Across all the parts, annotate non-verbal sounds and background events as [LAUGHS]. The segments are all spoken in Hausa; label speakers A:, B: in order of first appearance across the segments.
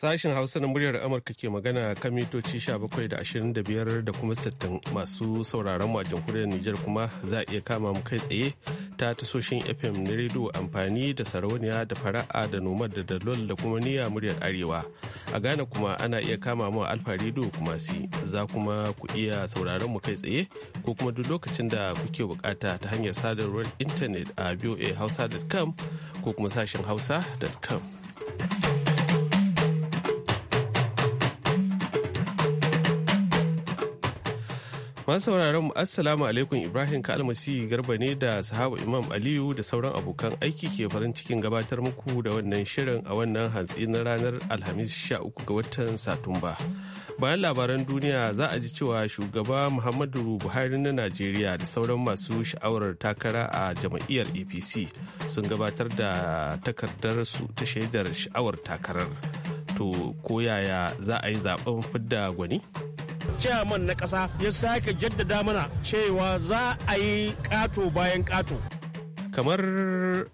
A: Sashen Hausa na muryar Amurka ke magana kan mitoci 17 da 25 da kuma 60 masu sauraron mu a jamhuriyar Nijar kuma za a iya kama mu kai tsaye ta tasoshin FM na rediyo amfani da sarauniya da fara'a da nomad da dalol da kuma niyya muryar Arewa. A Ghana kuma ana iya kama mu alfa rediyo kuma si za kuma ku iya sauraron mu kai tsaye ko kuma duk lokacin da kuke bukata ta hanyar sadarwar intanet a voahausa.com ko kuma sashen hausa.com. Masu sauraron mu Assalamu alaikum Ibrahim Kalmasi Garba ne da sahaba Imam Aliyu da sauran abokan aiki ke farin cikin gabatar muku da wannan shirin a wannan hantsi na ranar Alhamis sha uku ga watan Satumba. Bayan labaran duniya za a ji cewa shugaba Muhammadu Buhari na Najeriya da sauran masu sha'awar takara a jam'iyyar APC sun gabatar da takardar su ta shaidar sha'awar takarar. To koyaya za a yi zaben fidda gwani?
B: chairman na ƙasa ya sake jaddada mana cewa za a yi ƙato bayan
A: ƙato. Kamar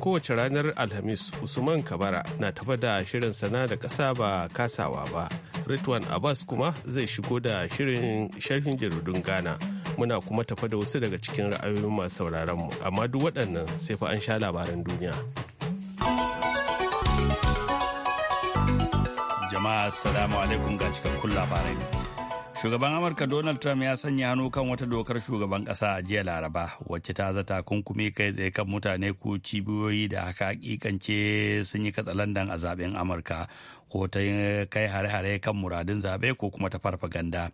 A: kowace ranar Alhamis Usman Kabara na tafa da shirin sana da ƙasa ba kasawa ba. Ritwan Abbas kuma zai shigo da shirin sharhin jaridun Ghana. Muna kuma tafa da wasu daga cikin ra'ayoyin masu sauraronmu. amma duk waɗannan sai fa an sha labaran duniya.
C: jama'a salamu alaikum ga cikakkun labarai Shugaban Amurka Donald Trump ya sanya hannu kan wata dokar shugaban kasa a jiya Laraba wacce ta zata kunkumi kai tsaye kan mutane ko cibiyoyi da haka hakikance sun yi katsalandan a zaben Amurka ko ta kai hare-hare kan muradun zabe ko kuma ta farfaganda.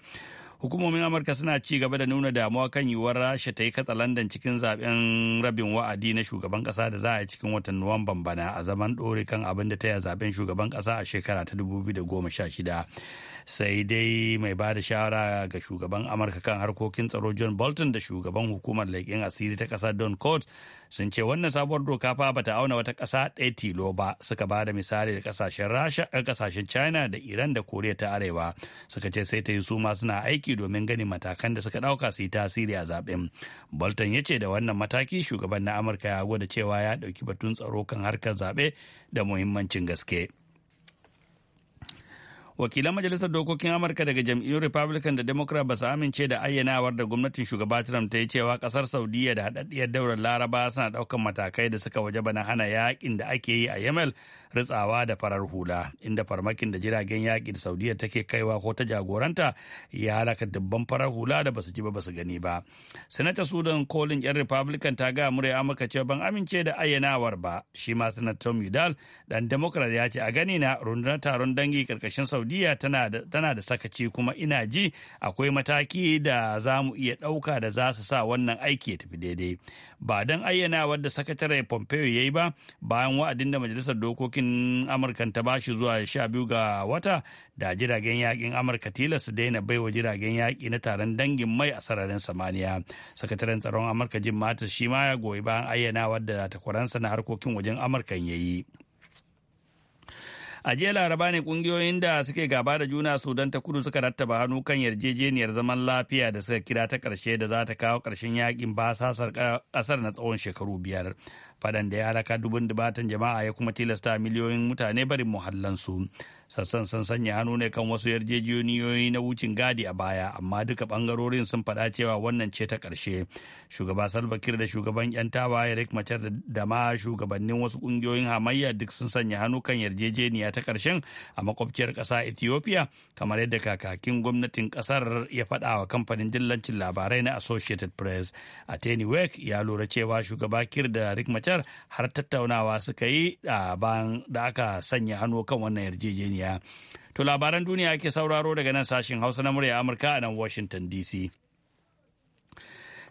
C: hukumomin amurka suna ci gaba da nuna damuwa kan yiwuwar rasha ta yi katsalandan cikin zaben rabin wa'adi na shugaban kasa da za a yi cikin watan nuwamban bana a zaman ɗore kan abin da ta yi zaben shugaban kasa a shekara ta dubu biyu da sha shida. sai dai mai ba da shawara ga shugaban amurka kan harkokin tsaro john bolton da shugaban hukumar laikin asiri ta ƙasa don court sun ce wannan sabuwar doka fa bata auna wata ƙasa ɗaya tilo ba suka ba da misali da kasashen eh, ƙasashen china da iran da koriya ta arewa suka ce sai ta yi suma suna aiki domin ganin matakan da suka ɗauka su yi tasiri a zaɓen bolton ya ce da wannan mataki shugaban na amurka ya gwada cewa ya ɗauki batun tsaro kan harkar zaɓe da muhimmancin gaske. wakilan majalisar dokokin amurka daga jam'iyyun republican da democrat ba su amince da ayyanawar da gwamnatin shugaba trump ta yi cewa kasar saudiya da haɗaɗɗiyar daular laraba suna ɗaukan matakai da suka waje bana hana yakin da ake yi a yamal ritsawa da farar hula inda farmakin da jiragen yaƙi da saudiya take kaiwa ko ta jagoranta ya halaka dubban farar hula da basu ji ba basu gani ba sanata sudan kolin yan republican ta ga murya amurka cewa ban amince da ayyanawar ba shi ma sanata tom udall dan democrat ya ce a gani na rundunar taron dangi karkashin saudiya Saudiya tana da sakaci kuma ina ji akwai mataki da za mu iya ɗauka da za su sa wannan aiki ya tafi daidai. Ba don ayyana wadda sakatare Pompeo ya yi ba bayan wa'adin da majalisar dokokin Amurka ta ba shi zuwa sha biyu ga wata da jiragen yakin Amurka tilas daina baiwa jiragen yaƙi na taron dangin mai a sararin samaniya. Sakataren tsaron Amurka Jim Mattis shi ma ya goyi bayan ayyana wadda takwaransa na harkokin wajen Amurkan ya yi. a jiya laraba ne kungiyoyin da suke gaba da juna sudan ta kudu suka rattaba hannu kan yarjejeniyar zaman lafiya da suka kira ta karshe da za ta kawo karshen yakin basasar kasar na tsawon shekaru biyar faɗan da ya halaka dubun dubatan jama'a ya kuma tilasta miliyoyin mutane barin muhallansu. sassan sun sanya hannu ne kan wasu yarjejeniyoyi na wucin gadi a baya amma duka bangarorin sun faɗa cewa wannan ce ta ƙarshe shugaba salva kir da shugaban yan tawa rick machar da ma shugabannin wasu ƙungiyoyin hamayya duk sun sanya hannu kan yarjejeniya ta ƙarshen a makwabciyar ƙasa ethiopia kamar yadda kakakin gwamnatin ƙasar ya faɗa wa kamfanin dillancin labarai na associated press a teniwek ya lura cewa shugaba kir da rick machar har tattaunawa suka yi da aka sanya hannu kan wannan yarjejeniya duniya. To labaran duniya ake sauraro daga nan sashen Hausa na murya Amurka a nan Washington DC.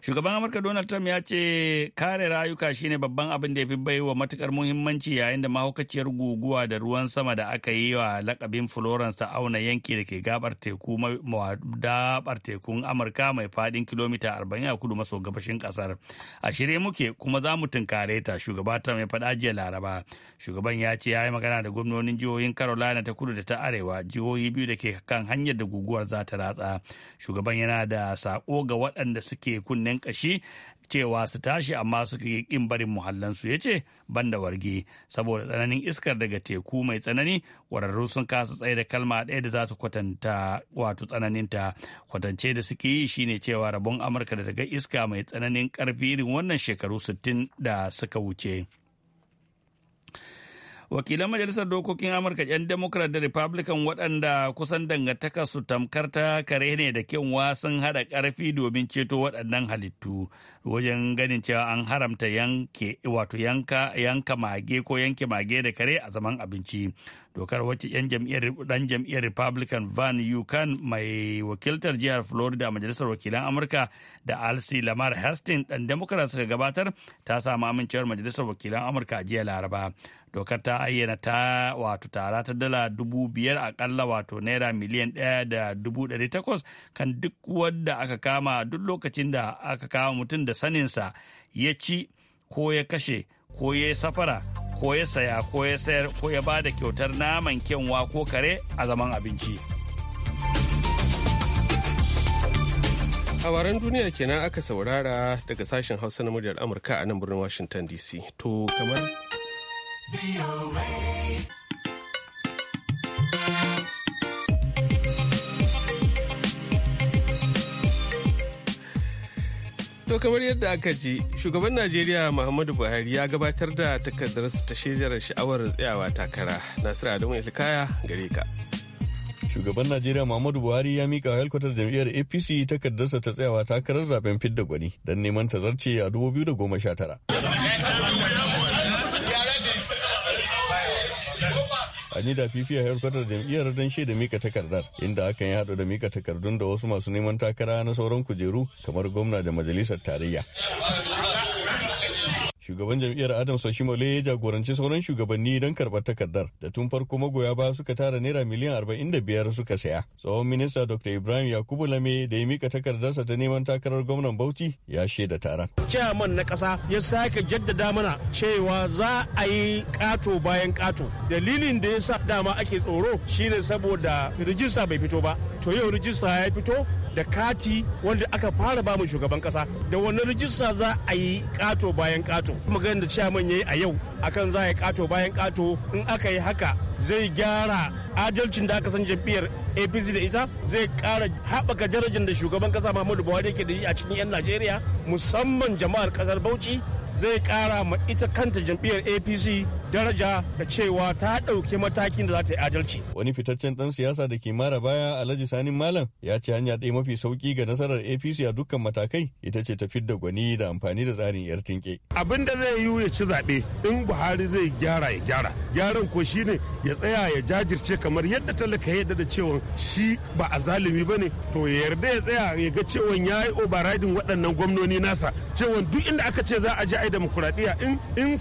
C: Shugaban Amurka Donald Trump ya ce kare rayuka shine babban abin da ya fi baiwa matukar muhimmanci yayin da mahaukaciyar guguwa da ruwan sama da aka yi wa lakabin Florence ta auna yanki da ke gabar teku dabar tekun Amurka mai fadin kilomita 40 a kudu maso gabashin kasar. A shirye muke kuma za mu tunkare ta shugaba ta ya faɗa jiya Laraba. Shugaban ya ce ya yi magana da gwamnonin jihohin Carolina ta kudu da ta arewa jihohi biyu da ke kan hanyar da guguwar za ta ratsa. Shugaban yana da sako ga waɗanda suke kunne mutanen ƙashi cewa su tashi amma su yi ƙin barin muhallansu ya ce ban da warge saboda tsananin iskar daga teku mai tsanani wararru sun kasa tsaye da kalma ɗaya da za su kwatanta wato tsananin ta kwatance da suke yi shine cewa rabon amurka da daga iska mai tsananin karfi irin wannan shekaru 60 da suka wuce. wakilan majalisar dokokin amurka 'yan democrat da republican waɗanda kusan dangantaka su tamkar ta kare ne da kyanwa sun haɗa ƙarfi domin ceto waɗannan halittu wajen ganin cewa an haramta yanke wato yanka yanka mage ko yanke mage da kare a zaman abinci dokar wacce 'yan jam'iyyar dan jam'iyyar republican van yukan mai wakiltar jihar florida majalisar wakilan amurka da alsi lamar hastin dan democrat suka gabatar ta samu amincewar majalisar wakilan amurka a jiya laraba dokar ta ayyana ta wato tara ta dala dubu biyar akalla wato naira miliyan ɗaya da dubu ɗari takwas kan duk wadda aka kama duk lokacin da aka kama mutum da saninsa ya ci ko ya kashe ko ya safara ko ya saya ko ya sayar ko ya ba da kyautar naman kyanwa ko kare a zaman abinci.
A: Labaran duniya kenan aka saurara daga sashen Hausa na muryar Amurka a nan birnin Washington DC. To kamar To kamar yadda aka ji, shugaban Najeriya Muhammadu Buhari ya gabatar da takardarsa ta shejar sha'awar tsayawa takara.
D: Nasiru Adamu Ilkaya gare ka. Shugaban Najeriya Muhammadu Buhari ya mika da jam'iyyar APC takardarsa ta tsayawa takarar zaben fidda gwani don neman tazarce a 2019. ani da fifi a da jam'iyyar don da mika takardar inda hakan ya haɗu da mika takardun da wasu masu neman takara na sauran kujeru kamar gwamna da majalisar tarayya. Shugaban jam'iyyar Adam Soshimole ya jagoranci sauran shugabanni don karɓar takardar da tun farko magoya ba suka tara naira miliyan 45 suka saya. Tsohon minista Dr. Ibrahim Yakubu Lame da ya mika takardarsa ta neman takarar gwamnan Bauchi ya shaida taron. Chairman na ƙasa
B: ya sake jaddada mana cewa za a yi ƙato bayan ƙato. Dalilin da ya sa dama ake tsoro shine saboda rijista bai fito ba. To yau rijista ya fito da kati wanda aka fara ba mu shugaban ƙasa. Da wannan rijista za a yi ƙato bayan ƙato. magan da ya yi a yau akan za ya kato bayan kato in aka yi haka zai gyara adalcin da aka san jam'iyyar apc da ita zai kara haɓaka darajar da shugaban kasa muhammadu buhari yake da shi a cikin 'yan najeriya musamman jama'ar kasar bauchi zai kara ma ita kanta jam'iyyar apc daraja da cewa ta ɗauki
D: matakin da za ta yi adalci. Wani fitaccen ɗan siyasa da ke mara baya Alhaji Sani Malam ya ce hanya ɗaya mafi sauki ga nasarar APC a dukkan matakai ita ce ta da gwani da amfani da tsarin yar tinke.
A: Abin da zai yi ya ci zaɓe in Buhari zai gyara ya gyara. Gyaran ko shi ne ya tsaya ya jajirce kamar yadda talaka yadda da cewa shi ba a zalimi ba ne to ya yarda ya tsaya ya ga cewa ya yi overriding waɗannan gwamnoni nasa cewa duk inda aka ce za a ji a yi demokuraɗiyya in in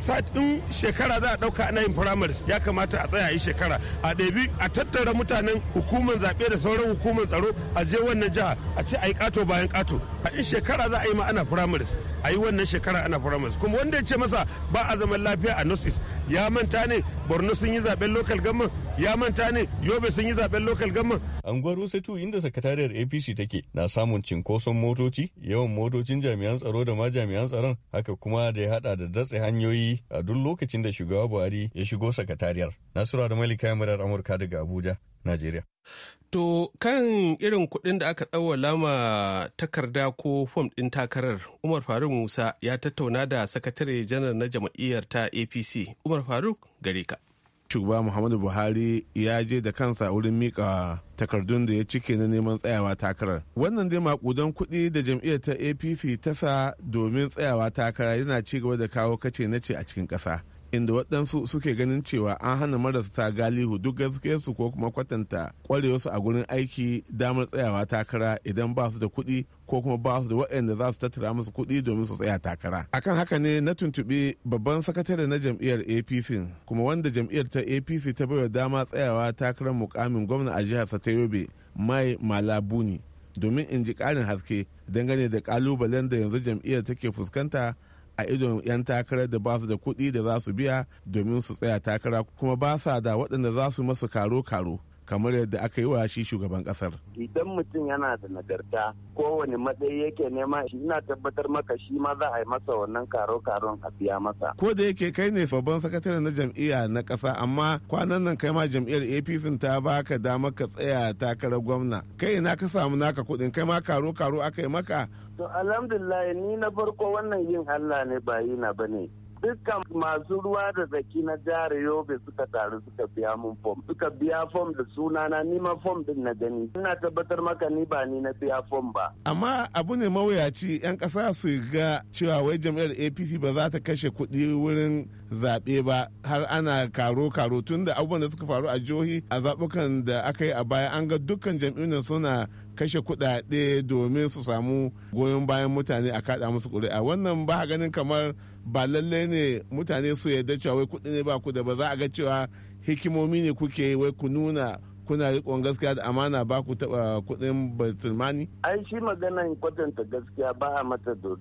A: shekara za ɗauka ana yin firamaris ya kamata a tsaya yi shekara a ɗabi a tattara mutanen hukumar zaɓe da sauran hukumar tsaro a je wannan jiha a ce a yi ƙato bayan ƙato a in shekara za a yi ma ana primaries a yi wannan shekara ana primaries kuma wanda ya ce masa ba a zaman lafiya a north ya manta ne borno sun yi zaben lokal
D: government ya manta ne yobe sun yi zaben local government anguwar rusatu inda sakatariyar apc take na samun cinkoson motoci yawan motocin jami'an tsaro da ma jami'an tsaron haka kuma da ya hada da datse hanyoyi a duk lokacin da shugaba buhari ya shigo sakatariyar nasura da malika murar amurka daga abuja najeriya
A: To kan irin kuɗin da aka tsawwala ma takarda ko fom ɗin takarar Umar Faruk Musa ya tattauna da sakatare janar na jam'iyyar ta APC Umar Faruk gare ka. Shugaba Muhammadu
B: Buhari ya je da kansa wurin mika takardun da ya cike na neman tsayawa takarar. Wannan dai makudan kuɗi da jam'iyyar ta APC ta sa domin tsayawa takara yana ci gaba da kawo kace nace a cikin ƙasa. inda waɗansu suke ganin cewa an hana marasa galihu duk gaskiyarsu ko kuma kwatanta ƙwarewarsu a gurin aiki damar tsayawa takara idan ba su da kuɗi ko kuma ba su da waɗanda za su tattara musu kuɗi domin su tsaya takara. Akan haka ne na tuntuɓi babban sakatare na jam'iyyar APC kuma wanda jam'iyyar ta APC ta baiwa dama tsayawa takarar mukamin gwamna a jihar ta Yobe Mai Malabuni domin in ji ƙarin haske dangane da kalubalen da yanzu jam'iyyar take fuskanta a idon 'yan takarar da ba su da kuɗi da za su biya domin su tsaya takara kuma ba sa da waɗanda za su masu karo-karo kamar yadda aka yi wa shi shugaban kasar.
E: Idan mutum yana da nagarta kowane matsayi yake nema shi ina tabbatar maka shi ma za a yi masa wannan
B: karo-karon a biya masa. Ko da yake kai ne babban sakatare na jam'iyya na kasa amma kwanan nan kai ma jam'iyyar APC ta baka damar ka tsaya takarar gwamna. Kai ina ka samu naka kudin kai ma karo-karo aka yi maka.
C: To alhamdulillah ni na farko wannan yin Allah ne ba yi na bane. dukkan masu ruwa da zaki na jihar yobe suka taru suka biya mun fom suka biya fom da sunana ni ma fom din na gani ina tabbatar maka ni ba ni na biya fom ba
B: amma abu ne mawuyaci yan kasa su ga cewa wai jam'iyyar apc ba za ta kashe kuɗi wurin zaɓe ba har ana karo karo tun da abubuwan da suka faru a jihohi a zaɓukan da aka yi a baya an ga dukkan jam'iyyar suna kashe kudade domin su samu goyon bayan mutane a kaɗa musu ƙuri'a wannan ba ganin kamar ba lallai ne mutane su yarda cewa wai kuɗi ne ba ku da ba za a ga cewa hikimomi ne kuke wai ku nuna kuna rikon gaskiya da amana ba ku taɓa kuɗin batulmani?
E: Ai shi maganan kwatanta gaskiya ba a mata do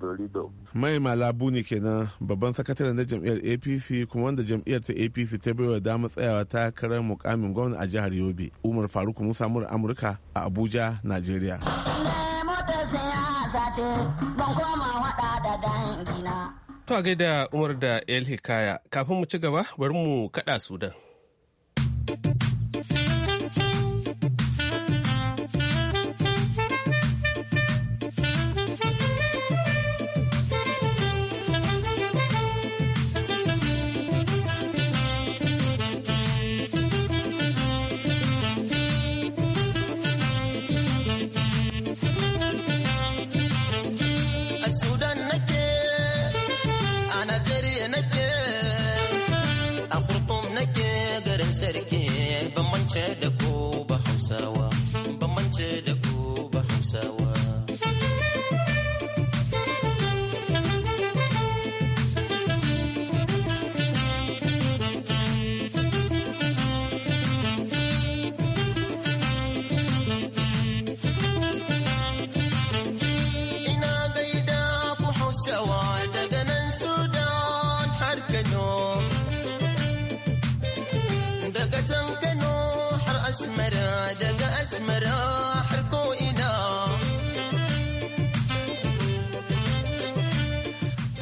B: Mai malabu ne kenan babban sakataren na jam'iyyar APC kuma wanda jam'iyyar ta APC ta baiwa dama tsayawa ta karar mukamin gwamna a jihar Yobe. Umar Faruk Musa mura Amurka a Abuja, Najeriya.
A: To a gaida Umar da El Hikaya, kafin mu ci gaba bari mu kaɗa Sudan.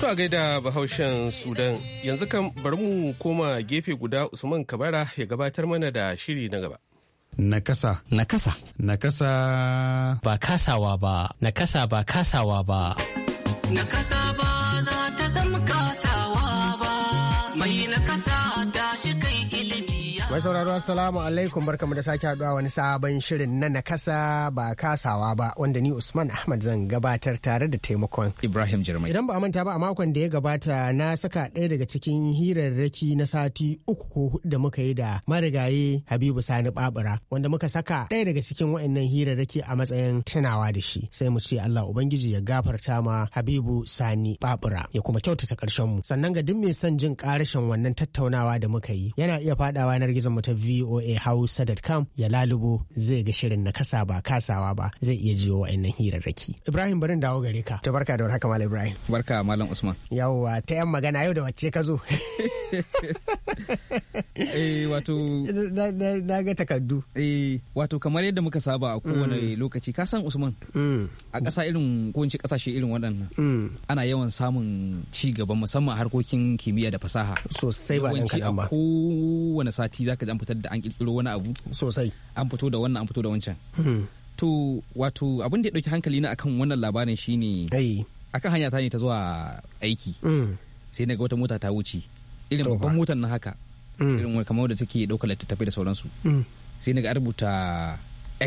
A: a gaida bahaushen Sudan yanzu kan bari mu koma gefe guda Usman Kabara ya gabatar mana da shiri na gaba.
C: Nakasa. Nakasa. Nakasa. Ba
A: kasawa ba. Nakasa ba kasawa ba.
C: Nakasa ba.
F: Mai sauraro Assalamu alaikum barkamu da sake haduwa wani sabon shirin na nakasa ba kasawa ba wanda ni Usman Ahmad zan gabatar tare da taimakon Ibrahim Jirmai. Idan ba a manta ba a makon da ya gabata na saka ɗaya daga cikin hirarraki na sati uku ko hudu da muka yi da marigaye Habibu Sani Babura wanda muka saka ɗaya daga cikin waɗannan hirarraki a matsayin tunawa da shi sai mu ce Allah Ubangiji ya gafarta ma Habibu Sani Babura ya kuma kyautata ƙarshen mu sannan ga duk mai son jin ƙarashin wannan tattaunawa da muka yi yana iya faɗawa yanar adireshin mu ta voa hausa.com ya lalubo zai ga shirin na kasa ba kasawa ba zai iya jiyo wa'annan hirarraki ibrahim barin dawo gare ka ta barka da warhaka malam ibrahim
G: barka malam usman
F: yawwa ta yan magana yau da wacce ka zo [LAUGHS]
G: Eh, wato na ga takardu eh wato kamar yadda muka saba a kowane mm. lokaci ka san Usman mm. a ƙasa irin ko ƙasashe irin waɗannan mm. ana yawan samun ci gaba musamman harkokin kimiyya da fasaha
F: sosai ba dan kadan ba
G: kowane sati zaka ji an fitar da an kirkiro wani abu sosai an fito da wannan an fito da wancan to wato abin da ya dauki hankali na akan wannan labarin shine akan hanya ta ne ta zuwa aiki sai na ga wata mota ta wuce irin babban motar na haka Mm. irin wani kamar da take ɗaukar littattafai
F: da sauransu mm. sai na ga rubuta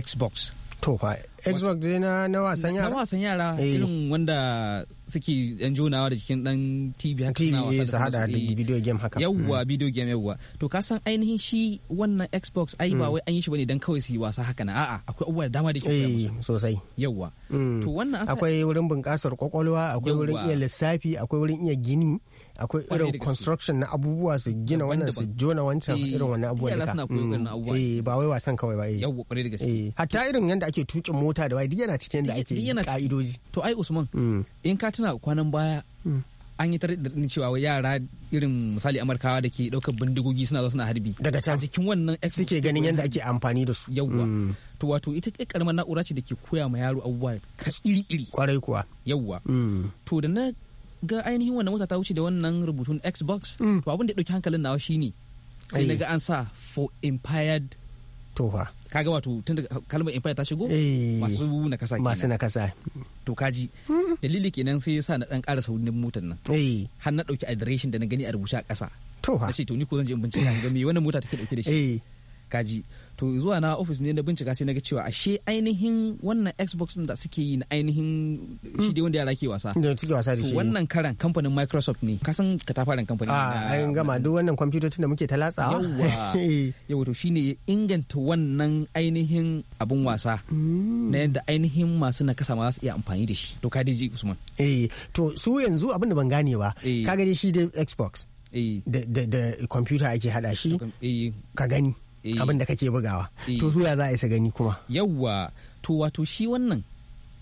F: xbox to fa Xbox dai na na wasan yara. Na wasan yara eh.
G: irin wanda suke yan jonawa da cikin dan TV haka wasa. TV su hada da eh. video game haka. Yawwa mm. video game yawwa. To ka san ainihin shi wannan Xbox ai ba mm. wai an yi shi bane dan kawai su yi wasa haka na a'a akwai abubuwa da dama da ke eh, sosai. Yawwa.
F: Mm. To wannan akwai wurin bunƙasar kwakwalwa, akwai wurin iya lissafi, akwai wurin iya gini. akwai irin construction na abubuwa su gina wannan su jona wancan irin wannan abubuwa duka. Yara suna koyon abubuwa. Eh ba wai wasan kawai ba. Yawwa kwarai da gaske. Hatta irin yadda ake tuƙin mota mota da waye duk yana cikin
G: da ake ka'idoji to ai usman mm. in ka tuna kwanan baya mm. an yi tare da cewa yara irin misali amurkawa da ke daukar bindigogi suna zo suna harbi daga can cikin wannan suke ganin yadda ake amfani da su yawwa mm. to wato ita karamar na'ura ce da ke koya ma yaro abubuwa ka iri iri kwarai kuwa yawwa to da na ga ainihin wannan wata ta wuce da wannan rubutun xbox to abin da ya dauki hankalin nawa shine sai na ga an sa for empired tofa kaga wato tun daga kalmar empire ta shigo eh, masu nakasa kenan masu nakasa to kaji dalili kenan sai ya sa na dan ƙara saurin motar nan eh. har na ɗauki adireshin da na gani a rubuce a ƙasa Tofa. Na ce to ni ko zan je in bincika ga me wannan mota take dauke da shi eh. kaji to zuwa na ofis ne na bincika sai na ga cewa ashe ainihin wannan xbox da suke yi na ainihin shi dai wanda yara ke wasa da suke wasa da shi wannan karan kamfanin microsoft ne kasan katafaren kamfanin ah, a an gama
F: duk wannan kwamfutocin da muke ta yawa
G: yawa [LAUGHS] eh. to shine ya inganta wannan ainihin abun wasa
F: mm. na
G: yadda ainihin masu
F: na kasa ma za su iya amfani da shi to ka dai usman eh to su yanzu abin da ban gane ba eh. kaga gani shi eh. da xbox da kwamfuta ake hada shi ka gani Eh. abin da kake bugawa eh. to suya za a isa gani kuma
G: yawwa to wato shi wannan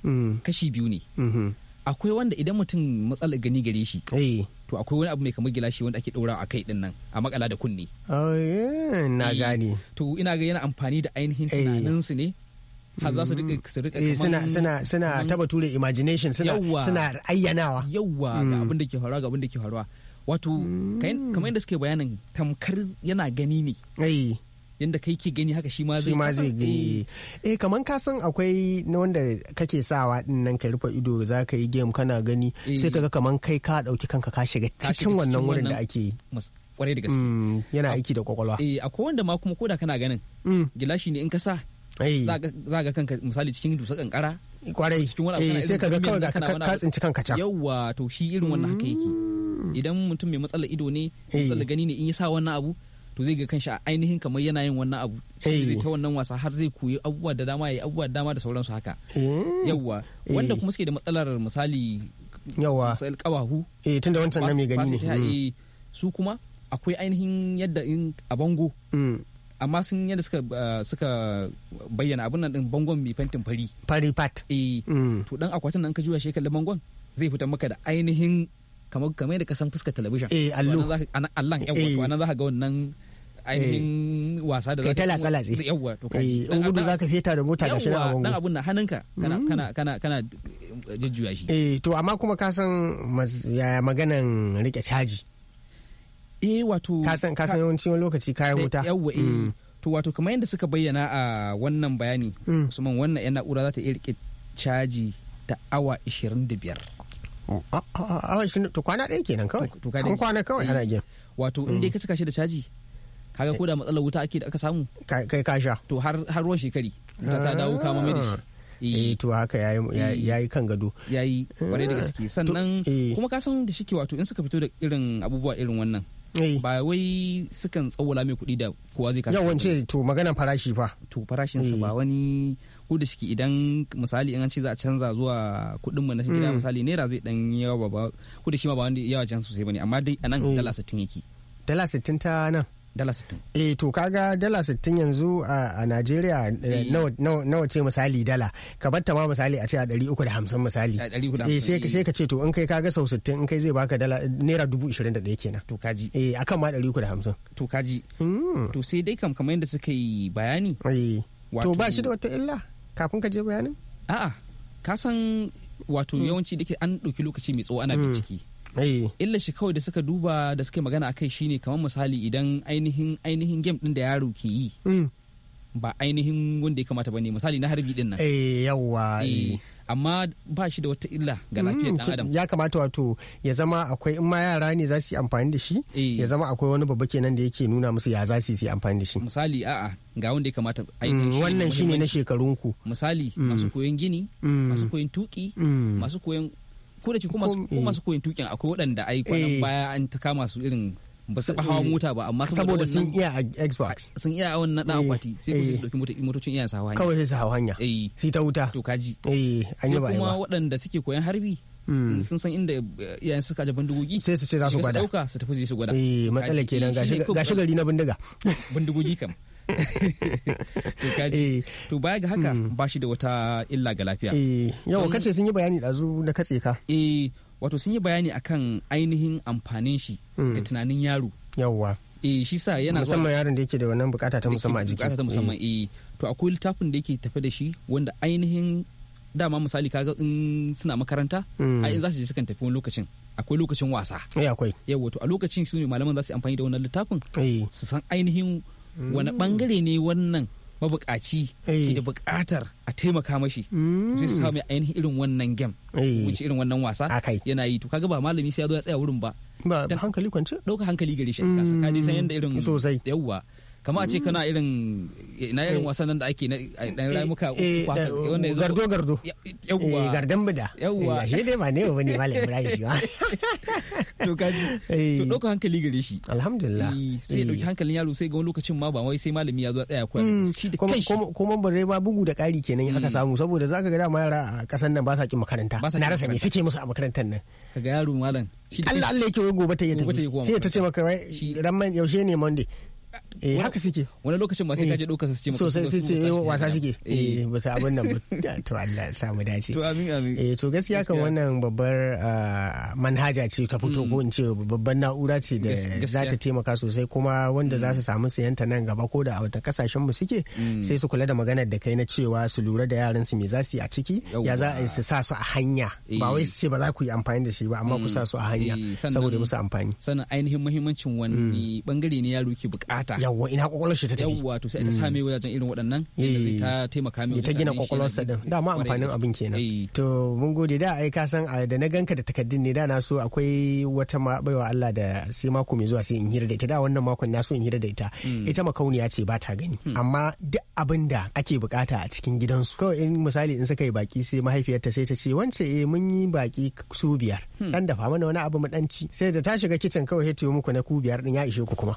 G: mm. kashi biyu ne mm-hmm. akwai wanda idan mutum matsalar gani gare shi eh. to akwai wani abu mai kamar gilashi wanda ake ɗaurawa a kai din nan a makala da kunne
F: oh, na gane
G: to ina ga yana amfani da ainihin tunaninsu ne
F: har za su rika mm. su rika suna suna suna ta bature imagination suna suna ayyanawa
G: Yawwa ga mm. abin da ke faruwa ga abin da ke faruwa wato kamar yadda suke bayanin tamkar yana gani ne yadda kai ke gani haka shi ma zai gani eh.
F: eh kaman ka san akwai na wanda kake sawa din nan ka rufe ido za ka yi game kana gani eh. sai kaga kaman kai ka dauki kanka ka shiga cikin wannan wurin da ake yi kwarai da gaske mm, yana aiki da kwakwalwa
G: eh akwai wanda ma kuma koda kana ganin mm. gilashi ne in ka sa eh. za ga kanka misali cikin dusa kankara kwarai abu sai kaga kawai ga ka tsinci kanka can yawa to shi irin wannan haka yake mm. idan mutum mai matsalar ido ne matsalar gani ne in ya sa wannan abu to zai ga kanshi a ainihin kamar yana yin wannan abu zai eh. ta wannan wasa har zai koyi abubuwa da dama yayi abubuwa da dama da sauransu haka eh. yawa eh. wanda kuma suke da matsalar misali
F: yawa misali kawahu eh tunda wancan na mai
G: gani ne hmm. su kuma akwai ainihin yadda in a bango hmm. amma sun yadda suka uh, suka bayyana abin nan din bangon mai fentin fari fari pat eh hmm. to dan akwatin nan ka juya shi kallon bangon zai fitar maka da ainihin kamar kamar da ka san fuskar talabijin eh allo anan allan yan ga wannan ainihin wasa da zaka yi latsa yawwa. yawa to kai in
F: gudu zaka feta da mota da na abun abun na hannunka kana kana
G: kana kana jujjuya shi
F: eh to amma kuma ka san yaya maganan rike caji eh wato ka san ka san yawanci wani lokaci kayan wuta yawa eh
G: to wato kamar yadda suka bayyana a wannan bayani Usman wannan yan na'ura za ta iya rike caji ta awa 25 awa shi to kwana ɗaya kenan kawai an kwana kawai ana gina wato in dai ka cika shi da caji kaga ko da matsalar wuta ake da aka samu kai ka sha to har har ruwan shekari wuta ta dawo kama mai da shi ah.
F: eh. eh to haka eh. ya yi kan gado ya yi da ah. gaske sannan eh.
G: kuma ka san da shike wato in suka fito da irin abubuwa irin wannan ba wai sukan tsawola mai kuɗi da kowa zai kashe yawanci
F: to maganan farashi fa to farashin su ba
G: wani ko da shike idan misali in an ce za a canza zuwa kuɗin mu na gida hmm. misali naira zai dan yawa ba ko da shi ma ba wanda yawa can sosai bane amma dai anan dala 60 yake
F: dala 60 ta nan dala 60 eh to kaga dala 60 yanzu a Najeriya eh, eh. nawa ce misali dala ka batta ma misali a ce a 350 misali
G: eh sai ka
F: ce to in kai kaga sau 60 in kai zai baka dala naira 21 kenan to kaji eh akan ma 350 to kaji hmm. to sai dai kam kamar yadda suka yi bayani eh to ba shi da wata illa kafin ka je bayanin a'a
G: ka san wato hmm. yawanci da ke an ɗauki lokaci mai tsawo ana hmm. bincike Eh. illa shi kawai da suka duba da suka magana a kai shine kamar misali idan ainihin ainihin game din da yaro ke yi hmm. ba ainihin wanda ya kamata ba ne misali na harbi din nan
F: eh yawa eh, eh.
G: amma ba shi da wata illa ga hmm, lafiyar dan adam
F: ya kamata wato ya zama akwai in ma yara ne za su yi amfani da shi ya zama akwai wani babba kenan da yake nuna musu ya za su yi amfani da shi misali
G: a'a ga wanda ya kamata ainihin hmm, wannan shine na
F: shekarunku
G: misali masu koyon gini masu koyon tuki masu koyon ko da ko masu eh. koyin tukin akwai waɗanda ai kwanan eh. baya an ta kama su irin ba su hawa eh. mota ba amma saboda sun
F: iya a xbox sun iya a wannan dan akwati sai ku su
G: dauki motocin iya su hawa hanya kawai sai
F: su hawa hanya sai ta wuta to kaji eh
G: an yi ba kuma waɗanda suke koyan harbi hmm. sun san inda iyayen suka ja bindigogi sai su ce za su gwada su dauka su tafi su gwada eh matsala kenan gashi gari
F: na bindiga bindigogi kam
G: [LAUGHS] Eh. to baya ga haka mm. ba shi da wata illa ga lafiya eh. yau ce sun yi bayani ɗazu na katse ka eh wato sun yi bayani akan ainihin amfanin shi ga mm. tunanin yaro yawwa eh shi sa yana musamman
F: yaron da yake da wannan bukata ta musamman a jiki bukata ta musamman
G: eh. eh to akwai littafin da yake tafe da shi wanda ainihin dama misali kaga in suna makaranta mm. a in za su je sukan tafi wani lokacin akwai lokacin wasa eh akwai Yawwa to a lokacin su ne malaman za su amfani da wannan littafin su san ainihin wani bangare ne wannan mabukaci eh. ke da bukatar a taimaka mashi sai su hmm. samu ainihin irin wannan gem. wuce eh. irin wannan wasa yana yi to kaga ba malami sai ya zo ya tsaya wurin ba ba hankali kwance dauka hankali gare shi a hmm. kasa ka san yanda irin sosai yawwa kama a ce kana irin na irin eh. wasan nan da ake na eh, ramuka eh, wanda yazo gardo
F: gardo yawwa gardan bida yawwa shi dai ma ne ba ne malam Ibrahim shi ba [LAUGHS] to kaji to doka
G: hankali gare shi alhamdulillah sai dauki hankalin yaro sai ga wani lokacin ma ba wai sai malami ya zo tsaya koya hmm, shi da kanshi
F: kuma bare ba bugu da ƙari kenan aka hmm. samu saboda zaka ga dama yara a kasan nan ba sa kin makaranta na rasa me suke musu a makarantar nan
G: kaga yaro malam Allah Allah yake gobe ta yi ta sai ta
F: ce maka wai ramman yaushe ne monday eh haka suke wani lokacin ma sai eh, kaje dokar su ce maka sosai sai sai wasa suke eh ba sa abin nan [LAUGHS] to Allah ya samu dace to amin amin eh to gaskiya kan wannan babbar ah, manhaja ce ta fito mm. ko in ce babban na'ura ce da za ta taimaka sosai kuma wanda za su mm. samu sayan ta nan gaba ko da a wata kasashen mu suke mm. sai su kula da maganar da kai na cewa su lura da yaran su me za su yi a ciki ya za a su sa su a hanya ba wai su eh. ce ba za ku yi amfani da shi ba amma ku sa su a hanya eh, saboda musu amfani
G: sannan ainihin muhimmancin wani bangare ne yaro ke bukata bukata yawwa ina kwakwalwar shi ta tafi yawwa to sai ta same mm. wajajen irin waɗannan zai ta eh, taimaka mai ta gina kwakwalwar sa din dama amfanin abin kenan eh.
F: to mun gode da ai ka san da na ganka da takaddun ne da na so akwai wata ma baiwa Allah da sai mako mai zuwa sai in hira da ita da wannan makon na so in hira da ita mm. ita makauniya ce ba ta gani mm. amma duk abin da ake bukata a cikin gidansu kawai in misali in suka yi baki sai mahaifiyarta sai ta ce wance eh mun yi baki su biyar dan hmm. dafa mana wani abu mu dan sai da ta shiga kicin kawai ya ce muku na ku biyar din ya ishe ku kuma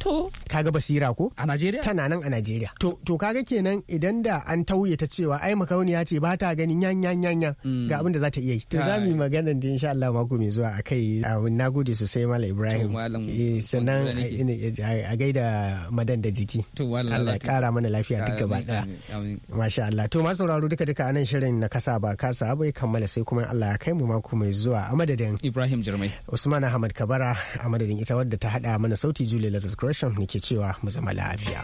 F: to kaga basira ko a Najeriya tana nan a Najeriya to to kaga kenan idan da an tauye ta cewa ai makauniya ce ba ta ganin yan yan yan yan mm. ga abin da za ta iya yi to za mu yi magana da insha Allah mako mai zuwa akai ah, na gode sosai Malam Ibrahim eh, sannan a gaida madan da jiki To Allah ya kara mana lafiya duk gaba daya masha Allah to masu sauraro duka duka anan shirin na kasa ba kasa bai kammala sai kuma Allah ya kai mu mako mai zuwa a madadin Ibrahim Jirmai Usman Ahmad Kabara a madadin ita wadda ta hada mana sauti Julia Lazarus Gresham ke cewa mu zama lafiya.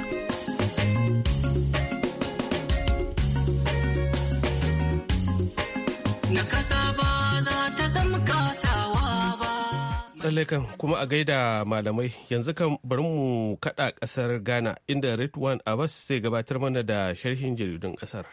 A: Na
B: zama kasawa
A: kuma a gaida malamai yanzu kan bari mu kaɗa ƙasar Ghana inda One Abbas sai gabatar mana da sharhin jaridun ƙasar.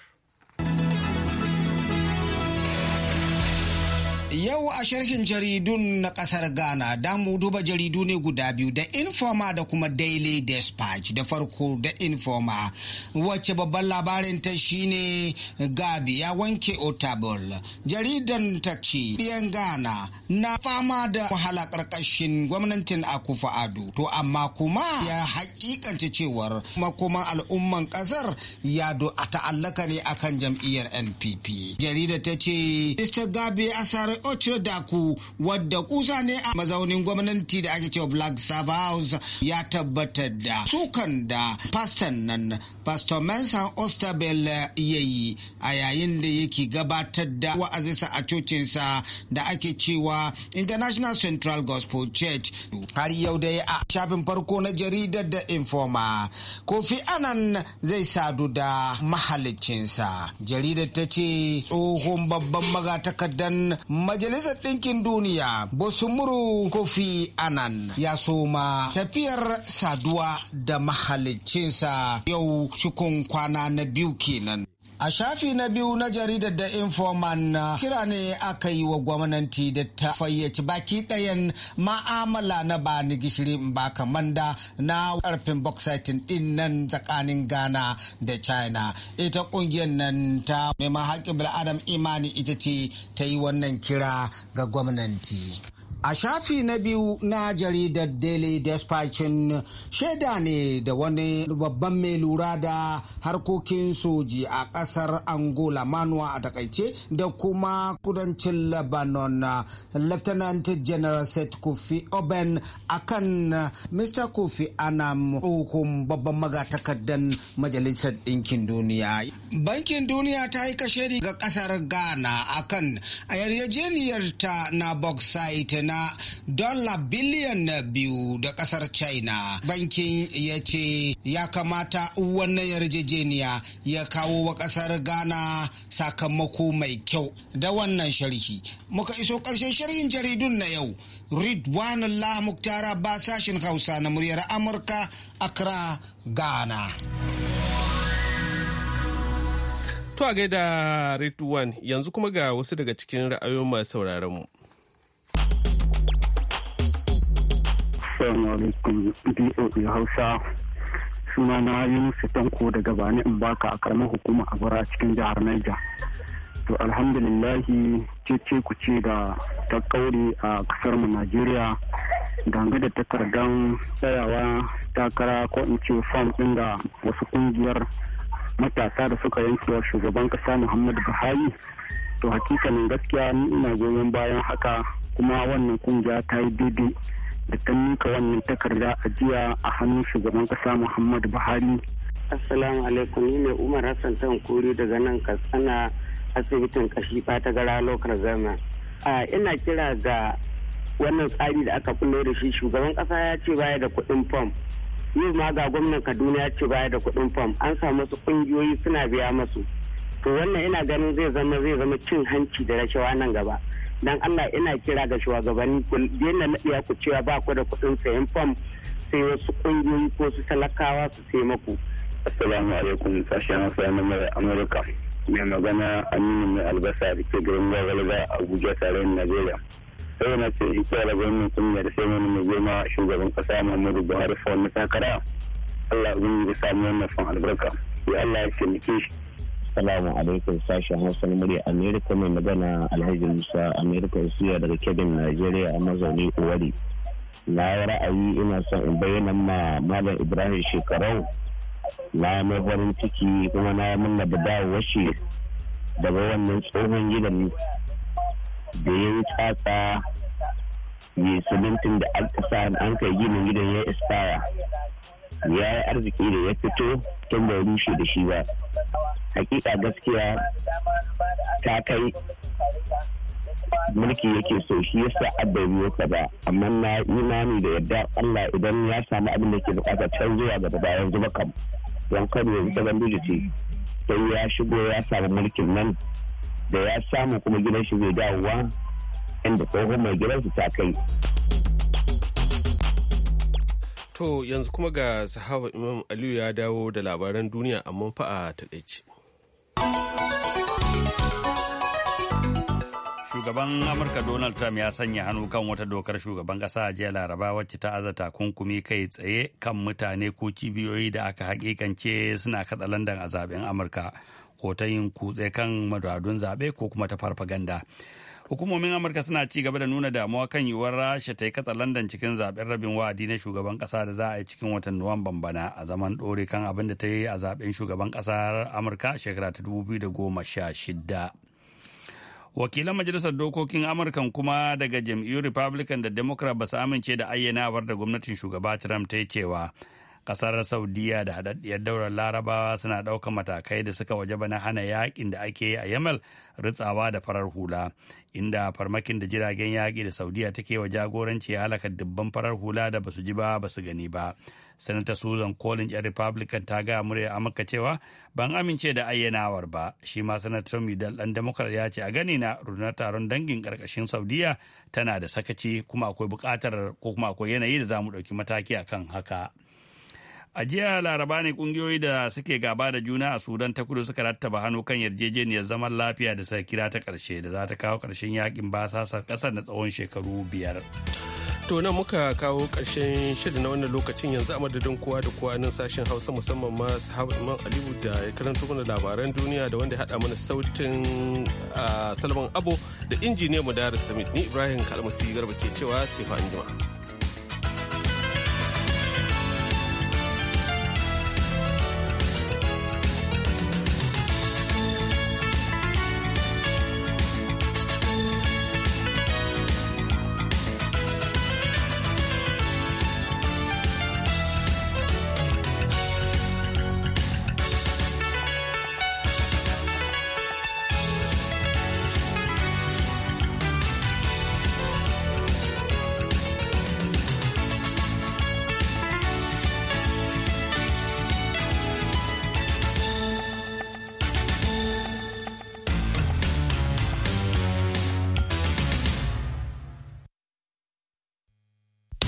H: Yau a sharhin jaridun na kasar Ghana da mu duba jaridu ne guda biyu da Informa da kuma Daily Dispatch da farko da Informa wacce babban labarin ta shine Gabi ya wanke Otabol. Jaridan ta ce biyan Ghana na fama da wahala ƙarƙashin gwamnatin Akufa Ado. To amma kuma ya hakikanta cewar makoman al'umman ƙasar ya do a ta'allaka ne akan jam'iyyar NPP. Jarida ta ce Mr. Gabi Asar Ocho Daku wadda kusa ne a mazaunin gwamnati da ake cewa Black Sabbath House ya tabbatar da sukan da pastan nan Pastor Manson Ostabel yi a yayin da yake gabatar da wa'azinsa a cocinsa da ake cewa International Central Gospel Church har yau da dai a shafin farko na jaridar da Informa. Kofi Anan zai sadu da mahalicinsa. Jaridar ta ce tsohon babban magatakardan majalisar ɗinkin duniya bosumuru kofi anan ya soma tafiyar saduwa da mahalicinsa yau cikin kwana na biyu kenan A shafi na biyu na jaridar da informan na kira ne aka yi wa gwamnati da ta fayyaci baki ɗayan ma'amala na bani ni gishiri ba da na karfin bauxite din nan tsakanin Ghana da China. Ita ƙungiyar nan ta neman haƙƙin bil'adam imani ita ce ta yi wannan kira ga gwamnati. A shafi na biyu na jaridar Daily Dispatchin shaida ne da wani babban mai lura da harkokin soji a ƙasar Angola Manuwa a takaice da kuma kudancin Lebanon Lieutenant General Seth Kofi Oben akan Mr. Kofi Anam hukum babban magatakardan Majalisar Ɗinkin Duniya. Bankin Duniya ta yi kashedi ga ƙasar Ghana akan a yarjejeniyarta na bauxite na dola biliyan na biyu da kasar china bankin ya ce ya kamata wannan yarjejeniya ya kawo wa kasar ghana sakamako mai kyau da wannan sharhi muka iso karshen sharhin jaridun na yau ridwan allah muktara ba sashin hausa na muryar amurka accra
A: ghana To a gaida Ritwan yanzu kuma ga wasu daga cikin ra'ayoyin masu sauraronmu. mu.
E: Assalamu alaikum DOA Hausa. Suna na Yunusu Tanko daga Bani in baka a karamar hukuma a bara cikin jihar Niger. To alhamdulillahi cece ku ce da ta kaure a kasar mu Najeriya gange da takardar tsayawa takara ko in ce fam ɗin da wasu kungiyar matasa da suka yankewa shugaban kasa Muhammadu Buhari. To hakikanin gaskiya ni ina goyon bayan haka kuma wannan kungiya ta yi daidai da ta nuka wannan takarda a jiya a hannun shugaban kasa muhammadu buhari assalamu alaikum ni ne umar hassan tan daga nan katsina asibitin kashi ta gara lokar zama a ina kira ga wannan tsari da aka kullo da shi shugaban kasa ya ce baya da kuɗin fam yau ma ga gwamnan kaduna ya ce baya da kuɗin fam an samu su ƙungiyoyi suna biya masu to wannan ina ganin zai zama zai zama cin hanci da rashawa nan gaba dan Allah ina kira ga shugabanni ku daina naɗiya ku cewa ba ku da kuɗin sayan fam sai wasu ƙungiyoyi ko su talakawa su sai maku. Assalamu alaikum sashen Hausa na mai Amurka. Mai magana Aminu mai albasa da ke garin a Abuja tare da Najeriya. Sai na ce ita da gwamnan kungiyar sai wani mai goma shugaban kasa Muhammadu Buhari fa wani takara. Allah ubangiji ya samu wannan albarka. Ya Allah ya taimake shi. Assalamu alaikum sashen Hausa na murya Amerika mai magana Alhaji Musa Amerika suya daga Kebin Najeriya a mazauni Uwari. Na yi ra'ayi ina son in bayyana ma Malam Ibrahim shekarau na mai farin ciki kuma na munna da dawowar washe daga wannan tsohon gidan da ya yi tsatsa ya simintin da an kai ginin gidan ya ispaya ya yi arziki da ya fito tun da rushe da shi ba hakika gaskiya ta kai mulki yake so shi ya sa abin yau ba amma na imani da yadda Allah idan ya samu abin da ke bukata can zuwa gaba bayan zuba kam don kano ya ta ce sai ya shigo ya samu mulkin nan da ya samu kuma gidan shi zai dawowa inda tsohon mai gidansu ta kai
A: To yanzu kuma ga sahaba Imam Aliyu ya dawo da labaran
C: duniya amma fa a taɗaici. Shugaban Amurka Donald Trump ya sanya hannu kan wata dokar shugaban ƙasa a jiya Laraba wacce ta aza takunkumi kai tsaye kan mutane ko cibiyoyi da aka hakikance suna katsa landan a zaben Amurka ko ta yin kutse kan madadun zaɓe ko kuma ta farfaganda. hukumomin amurka suna ci gaba da nuna damuwa kan yiwuwar rasha ta yi katsa london cikin zaben rabin wa'adi na shugaban kasa da za a yi cikin watan nuwamban bana a zaman ɗore kan abin da ta yi a zaben shugaban kasar amurka shekara ta dubu goma sha 2016 wakilan majalisar dokokin amurkan kuma daga jam'iyyun republican da democrat ba su amince da ayyanawar da gwamnatin shugaba trump ta yi cewa kasar saudiya da haɗaɗɗiyar daular larabawa suna ɗaukar matakai da suka waje na hana yakin da ake yi a yamal ritsawa da farar hula inda farmakin da jiragen yaƙi da saudiya take wa jagoranci ya halaka dubban farar hula da basu ji ba basu gani ba sanata susan kolin yan republican ta gaya murya amurka cewa ban amince da ayyanawar ba shi ma sanata tommy dan democrat ya ce a gani na rudunar taron dangin karkashin saudiya tana da sakaci kuma akwai bukatar ko kuma akwai yanayi da za mu ɗauki mataki akan haka. A jiya laraba ne kungiyoyi da suke gaba da juna a Sudan ta kudu suka rattaba hannu kan yarjejeniyar zaman lafiya da suka kira ta ƙarshe da za ta kawo ƙarshen yakin basasar ƙasar na tsawon shekaru biyar.
A: To nan muka kawo ƙarshen shirin na wannan lokacin yanzu a madadin kowa da kowa nan sashen Hausa musamman ma sahabu Imam Aliyu da ya karanto mana labaran duniya da wanda ya haɗa mana sautin Salman Abo da injiniya mu Darus Samit ni Ibrahim Kalmasi Garba ke cewa sai fa anjima.